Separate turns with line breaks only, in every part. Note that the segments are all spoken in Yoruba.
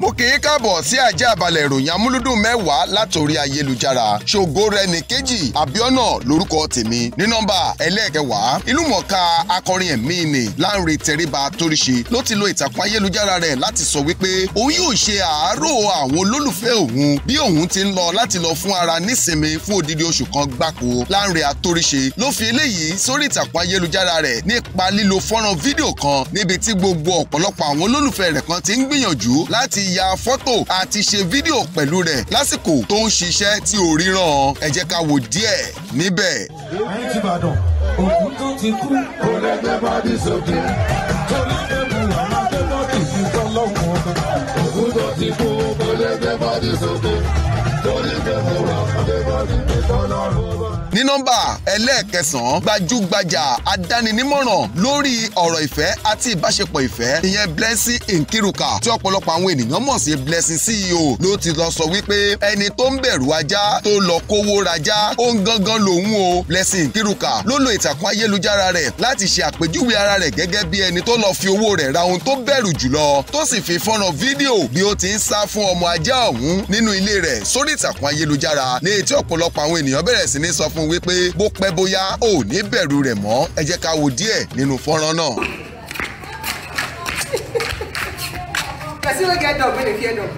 mo kì í káàbọ̀ sí ajá balẹ̀ ìròyìn amúlúdùn mẹ́wàá látòrí ayélujára ṣògo rẹni kejì abiona lórúkọ tèmi ní nọ́mbà ẹlẹ́ẹ̀kẹwàá ìlúmọ̀ọ́ká akọrin ẹ̀mí ni Lánrè Tẹríba Tóríṣe ló ti lo ìtàkùn ayélujára rẹ̀ láti sọ wípé òun yóò ṣe àárò àwọn olólùfẹ́ òun bí òun ti ń lọ láti lọ fún ara nísinmi fún odidi oṣù kan gbáko Lánrè Atóríṣe ló fi eléyìí sórí ìtàkùn ayélujára rẹ̀ nípa lílo fọ́nrán ya fọ́tò àti ṣe fídíò pẹ̀lú rẹ̀ lásìkò tó ń ṣiṣẹ́ tí ò ríran ẹ jẹ́ ká wò díẹ̀ níbẹ̀. ayé ti bàdàn òkú tó ti kú kò lẹ́gbẹ́ bá dé sókè tó lẹ́gbẹ́ bù wà lọ́dẹ́ bá dé sí tọ́lọ́wọ́ tó ti kú kò lẹ́gbẹ́ bá dé sókè. ní nọ́mbà ẹlẹ́ẹ̀kẹsàn-án gbajúgbajà adáninímọ̀ràn lórí ọ̀rọ̀ ìfẹ́ àti ìbáṣepọ̀ ìfẹ́ ìyẹn Blessing Nkiruka tí ọ̀pọ̀lọpọ̀ àwọn ènìyàn mọ̀ sí Blessing CEO ló ti lọ sọ wípé ẹni tó ń bẹ̀rù ajá tó lọ kówó rajá òun gangan lòun o Blessing Nkiruka ló lo ìtàkùn ayélujára rẹ̀ láti ṣe àpèjúwe ara rẹ̀ gẹ́gẹ́ bí ẹni tó lọ fi owó rẹ̀ ra ohun tó bẹ̀rù jùlọ tó sì fi fọ́nrán fídíò bí ó ti ń sá fún ọmọ ajá ọ̀hún nínú ilé rẹ̀ sórí ìtàkùn ayélujára ní etí ọ̀pọ̀lọpọ̀ àwọn ènìyàn bẹ̀rẹ̀ sí ní sọ fún fún wípé bó pẹ́ bóyá ò ní bẹ̀rù rẹ̀ mọ́ ẹ jẹ́ ká wo díẹ̀ nínú fọ́nrán náà. person wey get dog wey dey fear dog.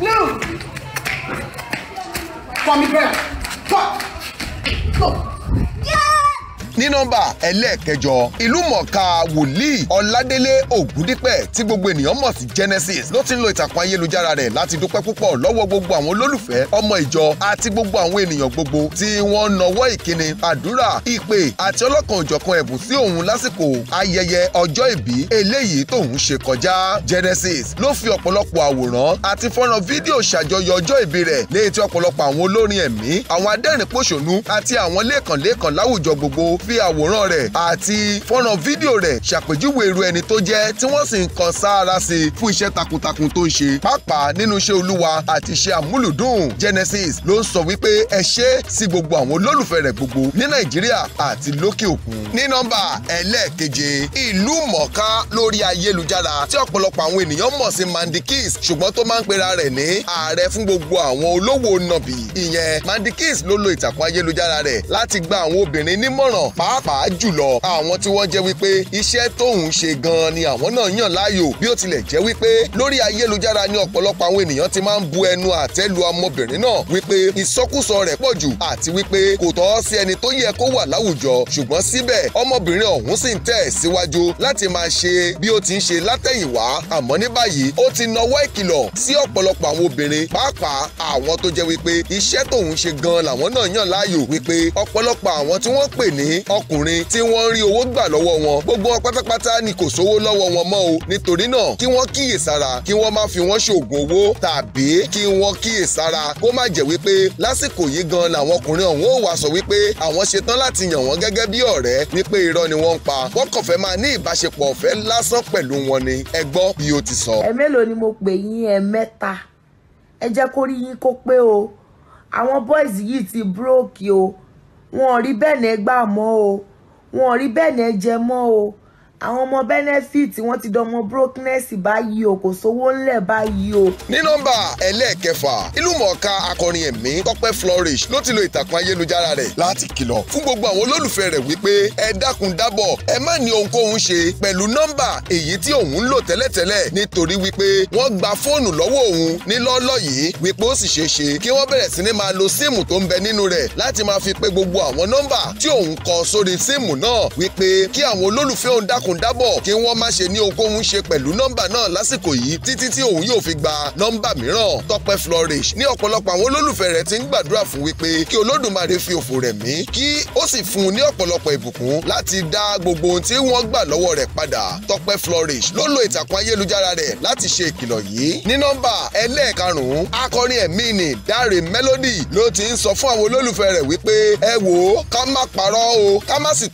blue. come here. come ní nọ́mbà ẹlẹ́ẹ̀kẹjọ ìlú mọ̀ọ́ká wòlíì ọládélé ògúndípẹ̀ tí gbogbo ènìyàn mọ̀ sí genesis ló ti ń lo ìtàkùn ayélujára rẹ̀ láti dúpẹ́ púpọ̀ lọ́wọ́ gbogbo àwọn olólùfẹ́ ọmọ ìjọ àti gbogbo àwọn ènìyàn gbogbo tí wọ́n nọwọ́ ìkíni àdúrà ìpè àti ọlọ́kan òjọ̀kan ẹ̀bùn sí òun lásìkò ayẹyẹ ọjọ́ ìbí eléyìí tóun ṣe kọjá genesis ló fi ọ̀pọ̀lọpọ̀ àwòrán àti fọ́nrán fídíò ṣàjọyọ̀ ọjọ́ ìbí rẹ̀ léyìí tí ọ̀pọ̀lọpọ̀ àwọn olórin ẹ̀mí àwọn adẹ́rìn-pòṣónú àti àwọn lẹ́ẹ̀kan láwùjọ gbogbo f fi àwòrán rẹ̀ àti fọ́nrán fídíò rẹ̀ ṣàpèjúwe irú ẹni tó jẹ́ tí wọ́n sì ń kan sáárá sí i fún iṣẹ́ takuntakun tó ń ṣe pàápàá nínú iṣẹ́ olúwa àti iṣẹ́ àmúlùdùn Genesis ló ń sọ wípé ẹ ṣé sí gbogbo àwọn olólùfẹ́ rẹ̀ gbogbo ní Nàìjíríà àti lókè òkun. ní nọ́mbà ẹlẹ́ẹ̀keje ìlú mọ̀ọ́ká lórí ayélujára tí ọ̀pọ̀lọpọ̀ àwọn ènìyàn mọ̀ sí Mandikis ṣùgbọ́n tó máa ń pera rẹ̀ ní ààrẹ fún gbogbo àwọn olówó nọ̀bì ìyẹn Mandikis ló lo ìtàkùn ayélujára rẹ̀ láti gba àwọn obìnrin nímọ̀ràn pàápàá jùlọ àwọn tí wọ́n jẹ́ wípé iṣẹ́ tóun ṣe gan-an ni àwọn náà yàn láàyò bí ó tilẹ̀ jẹ́ wípé lórí ayélujára ni ọ̀pọ̀lọpọ̀ àwọn ènìyàn ti máa ń bu ẹnu àtẹ́ lu ọmọbìnrin náà wípé ìsọkúsọ rẹ̀ pọ̀ jù àti wípé kò tọ́ sí ẹni tó yẹ kó wà láwùjọ ṣùgbọ́n síbẹ̀ ọmọbìnrin ọ̀hún sì ń tẹ̀ síwájú láti máa ṣe bí ó ti ń ṣe látẹ̀yìnwá àmọ́ ní báyìí ó ti nawọ́ ìkìlọ̀ sí ọ̀pọ̀lọpọ̀ àwọn obìnrin pàápàá àwọn tó jẹ́ wípé iṣẹ́ tóun ṣe gan làwọn náà yàn láàyò wípé ọ̀pọ̀lọpọ̀ àwọn tí wọ́n pè ní ọkùnrin tí wọ́n rí owó gbà lọ́wọ́ wọn gbogbo wọn pátápátá ni kò sówó lọ́wọ́ wọn mọ́ o nítorí náà kí wọ́n kíyèsára kí wọ́n má fi wọ́n ṣoògùn owó tàbí kí wọ́n kíyèsára kó má jẹ́ wípé lásìkò yìí gan làwọn ọkùnrin ọ̀hún ò wá sọ wípé àwọn ṣetán láti yàn wọ́n gẹ́gẹ́ bí ọ̀rẹ́ ní pé irọ́ ni wọ́n ń pa wọ́n kàn fẹ́ máa ní ìbáṣepọ̀ ọ̀fẹ́ lásán pẹ̀lú wọn ni ẹ gbọ́ bí ó ti sọ. ẹ mélòó ni mo pè yín ẹ mẹ́ta ẹ jẹ́ kó rí yín kó pé o àwọn boys yìí ti búrókì o wọn ò rí bẹ́ẹ̀ nẹ́ gbà mọ́ o wọn rí bẹ́ẹ̀ nẹ́ jẹ mọ́ o àwọn ọmọ benefit wọn ti dọmọ brokenness báyìí o kò sówó ńlẹ̀ báyìí o. ní nọ́mbà ẹlẹ́ẹ̀kẹfà ìlúmọ̀ọ́ká akọrin ẹ̀mí Tọ́pẹ́ Flourish ló ti lo ìtàkùn ayélujára rẹ̀ láti kìlọ̀ fún gbogbo àwọn olólùfẹ́ rẹ̀ wípé ẹ dákun dábọ̀ ẹ má ní ohunkóhun ṣe pẹ̀lú nọ́mbà èyí tí òun ń lò tẹ́lẹ̀tẹ́lẹ̀ nítorí wípé wọ́n gba fóònù lọ́wọ́ òun ní lọ́ọ́lọ́ yìí wípé ó sì ṣeé ṣe kí wọ́n bẹ̀rẹ̀ sí ní máa lo síìmù tó ń bẹ nínú rẹ̀ láti máa fi pé gbogbo àwọn nọ́mbà tí òun kọ sórí síìmù náà wípé kí àwọn olólùfẹ́ òun dákun jákèjádò kí wọ́n má ṣe ní ohunkóhun ṣe pẹ̀lú nọ́mbà náà lásìkò yìí títí tí òun yóò fi gba nọ́mbà mìíràn Tọ́pẹ́ Flourish ní ọ̀pọ̀lọpọ̀ àwọn olólùfẹ́ rẹ̀ ti ń gbàdúrà fún wípé kí Olódùmarè fi òfò rẹ̀ mí kí ó sì fún un ní ọ̀pọ̀lọpọ̀ ìbùkún láti dá gbogbo ohun tí wọ́n gbà lọ́wọ́ rẹ̀ padà Tọ́pẹ́ Flourish ló lo ìtàkùn ayélujára rẹ̀ láti ṣe ìkìlọ̀ yìí ní nọ́mbà ẹlẹ́ẹ̀karùn-ún akọrin ẹ̀mí ni Dáre Melody ló ti ń sọ fún àwọn olólùfẹ́ rẹ̀ wípé ẹ wò ó ká má parọ́ o ká má sì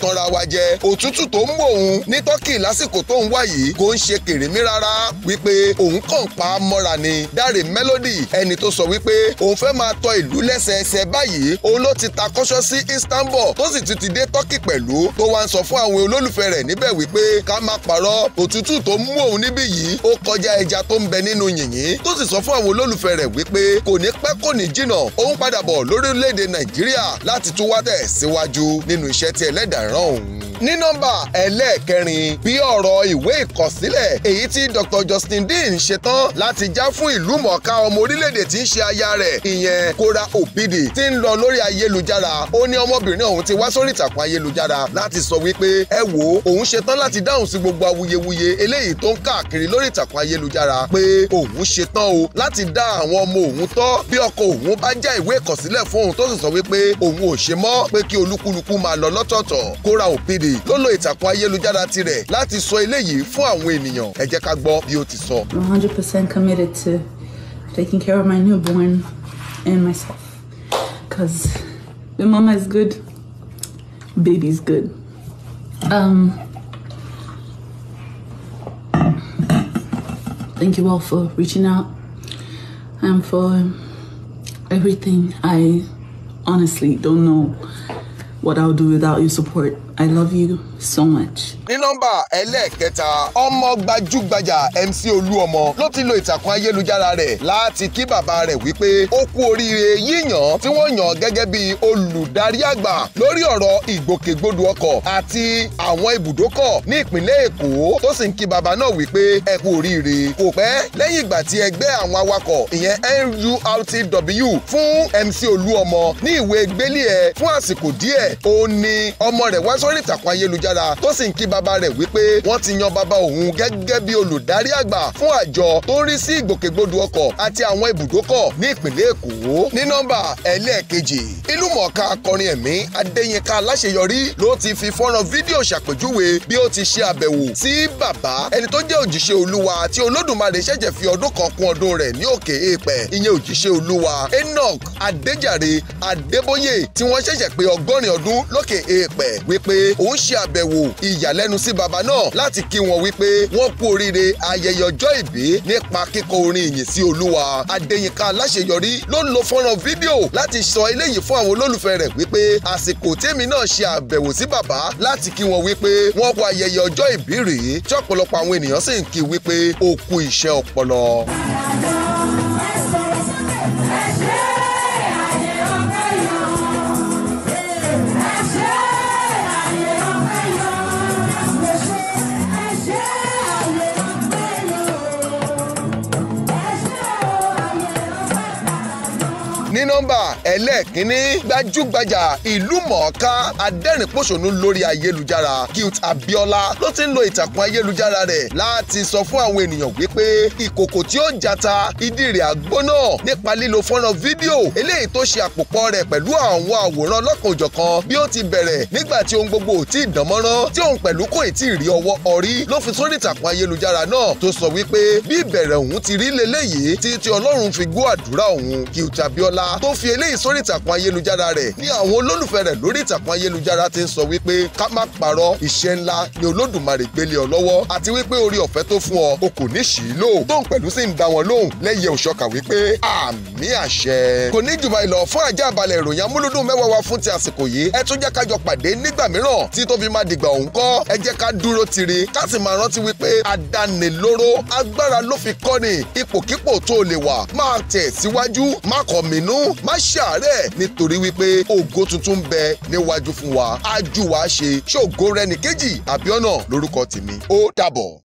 tọ́kì lásìkò tó ń wá yìí kò ń ṣe kèrèmí rárá wípé òun kàn pa á mọ́ra ni Dáre Melody ẹni tó sọ wípé òun fẹ́ máa tọ ìlú lẹ́sẹẹsẹ báyìí òun ló ti ta kọ́ṣọ́ sí Istanbul tó sì ti ti dé tọ́kì pẹ̀lú tó wá ń sọ fún àwọn olólùfẹ́ rẹ̀ níbẹ̀ wípé ká má parọ́ òtútù tó mú òun níbí yìí ó kọjá ẹja tó ń bẹ nínú yìnyín tó sì sọ fún àwọn olólùfẹ́ rẹ̀ wípé kò ní pẹ́ kò ní jìnà òun padà bọ̀ lórílẹ̀‐èdè Nàìjíríà láti tún wá tẹ̀ síwájú nínú iṣẹ́ tí ẹlẹ́dàá rán òun ní nọ́mbà ẹlẹ́ẹ̀kẹrin bí ọ̀rọ̀ ìwé ìkọ̀sílẹ̀ èyí tí Dr Justin Dean ṣe tán láti já fún ìlú mọ̀ọ́ká ọmọ orílẹ̀-èdè tí ń ṣe aya rẹ̀ ìyẹn Kora Obidi tí ń lọ lórí ayélujára ó ní ọmọbìnrin ọ̀hún ti wá sórí ìtàkùn ayélujára láti sọ wípé ẹ wò ó òun ṣe tán láti dáhùn sí gbogbo awuyewuye eléyìí tó ń káàkiri lórí ìtàkùn ayélujára pé òun ṣe tán o láti dá àwọn ọmọ òun tọ́ bí ọkọ òun bá já ìwé ìkọ̀sílẹ̀ fún òun tó sì sọ wípé òun ò ṣe mọ́ pé kí olúkúlùkù máa lọ lọ́tọ̀ọ̀tọ̀ Kora Obidi Kennedy ló lo ìtàkùn ayélujára tirẹ̀ láti sọ eléyìí fún àwọn ènìyàn ẹ jẹ́ ká gbọ́ bí ó ti sọ. I'm 100% committed to taking care of my newborn and myself because the mama is good, baby's good. Um, thank you all for reaching out and for everything. I honestly don't know what I'll do without your support. I love you so much. ní nọ́mbà ẹlẹ́ẹ̀kẹta ọmọ gbajúgbajà MC Olúọmọ ló ti lo ìtàkùn ayélujára rẹ̀ láti kí bàbá rẹ̀ wípé ó kú oríire yíyàn tí wọ́n yàn gẹ́gẹ́ bí olùdarí àgbà lórí ọ̀rọ̀ ìgbòkègbodò ọkọ̀ àti àwọn ibùdókọ̀ ní ìpínlẹ̀ Èkó tó sì ń kí bàbá náà wípé ẹ kú oríire kò pẹ́ lẹ́yìn ìgbà tí ẹgbẹ́ àwọn awakọ̀ ìyẹn NURTW fún MC Olúọmọ ní ìwé gbélé ẹ fún àsìkò díẹ̀ ó ní ọmọ rẹ̀ wá sọ sórí ìtàkùn ayélujára tó sì ń kí bàbá rẹ̀ wípé wọ́n ti yan bàbá òun gẹ́gẹ́ bí olùdarí àgbà fún àjọ tó ń rí sí ìgbòkègbodò ọkọ̀ àti àwọn ibùdókọ̀ ní ìpínlẹ̀ Èkó ní nọ́mbà ẹlẹ́ẹ̀kejì ìlúmọ̀ọ́ká akọrin ẹ̀mí Adéyínká Aláṣeyọrí ló ti fi fọ́nrán fídíò ṣàpèjúwe bí ó ti ṣe àbẹ̀wò sí bàbá ẹni tó jẹ́ òjíṣẹ́ olúwa tí olódùmarè ṣẹ̀jẹ̀ fi ọdún kan kún ọdún rẹ̀ ní òkè èèpẹ̀ ìyẹn òjíṣẹ́ olúwa Enoch Adéjàre Adébóyè tí wọ́n ṣẹ̀ṣẹ̀ pé ọgọ́rin ọdún lókè èèpẹ̀ wípé òun ṣe àbẹ̀wò ìyàlẹ́nu sí bàbá náà láti kí wọn wípé wọ́n kú oríire ayẹyẹ ọjọ́ ìbí nípa kíkọ orin ìyìn sí olúwa adéyínká aláṣeyọrí ló ń lo fọ́nrán fídíò láti sọ eléyìí fún àwọn olólùfẹ́ rẹ̀ wípé àsìkò tèmi náà ṣe àbẹ̀wò sí bàbá láti kí wọn wípé wọ́n kú ayẹyẹ ọjọ́ ìbí rèé tí ọ̀pọ̀lọpọ̀ àwọn ènìyàn sì ń kí wípé ó kú ọpọlọ. number. ẹlẹ́ẹ̀kínní gbajúgbajà ìlú mọ̀ọ́ká adẹ́rìnpòṣónú lórí ayélujára Guilt Abiola ló ti ń lo ìtàkùn ayélujára rẹ̀ láti sọ fún àwọn ènìyàn wípé ìkòkò tí ó jata ìdí rẹ̀ àgbóná nípa lílo fọ́nrán fídíò eléyìí tó ṣe àpòpọ̀ rẹ̀ pẹ̀lú àwọn àwòrán lọ́kànòjọ̀kan bí ó ti bẹ̀rẹ̀ nígbà tí ohun gbogbo ò tí ì dánmọ́rán tí òun pẹ̀lú kò ì tí ì rí ọwọ́ ọrí ló fi sórí ìtàkùn ayélujára náà tó sọ wípé bí ìbẹ̀rẹ̀ òun ti rí leléyìí tí ti Ọlọ́run fi gbọ́ àdúrà òun Guilt Abiola tó fi eléyìí eléyìí sórí ìtàkùn ayélujára rẹ̀ ní àwọn olólùfẹ́ rẹ̀ lórí ìtàkùn ayélujára ti ń sọ wípé ká má parọ́ iṣẹ́ ńlá ni olódùmarè gbélé ọ lọ́wọ́ àti wípé orí ọ̀fẹ́ tó fún ọ o kò ní ṣì í lò tóun pẹ̀lú sì ń dá wọn lóhùn lẹ́yẹ òṣọ́kà wípé àmì àṣẹ. kò ní jùbà ìlọ fún ajá balẹ̀ ìròyìn amúlùdùn mẹ́wàá wa fún ti àsìkò yìí ẹ tún jẹ́ ká jọ pàdé nígbà mìíràn tí tó fi dìgbà òun kọ́ ẹ jẹ́ ká dúró tiri ká sì máa rántí wípé adánilóró agbára ló fi kọ́ni ipòkípò tó lè wà máa tẹ̀ síwájú má kọ̀ mínú má ṣà láàárẹ̀ nítorí wípé ògo tuntun ń bẹ níwájú fún wa ajú wa ṣe ṣògo rẹ̀ nìkejì àbíọ́nà lórúkọ tèmi ó dàbọ̀.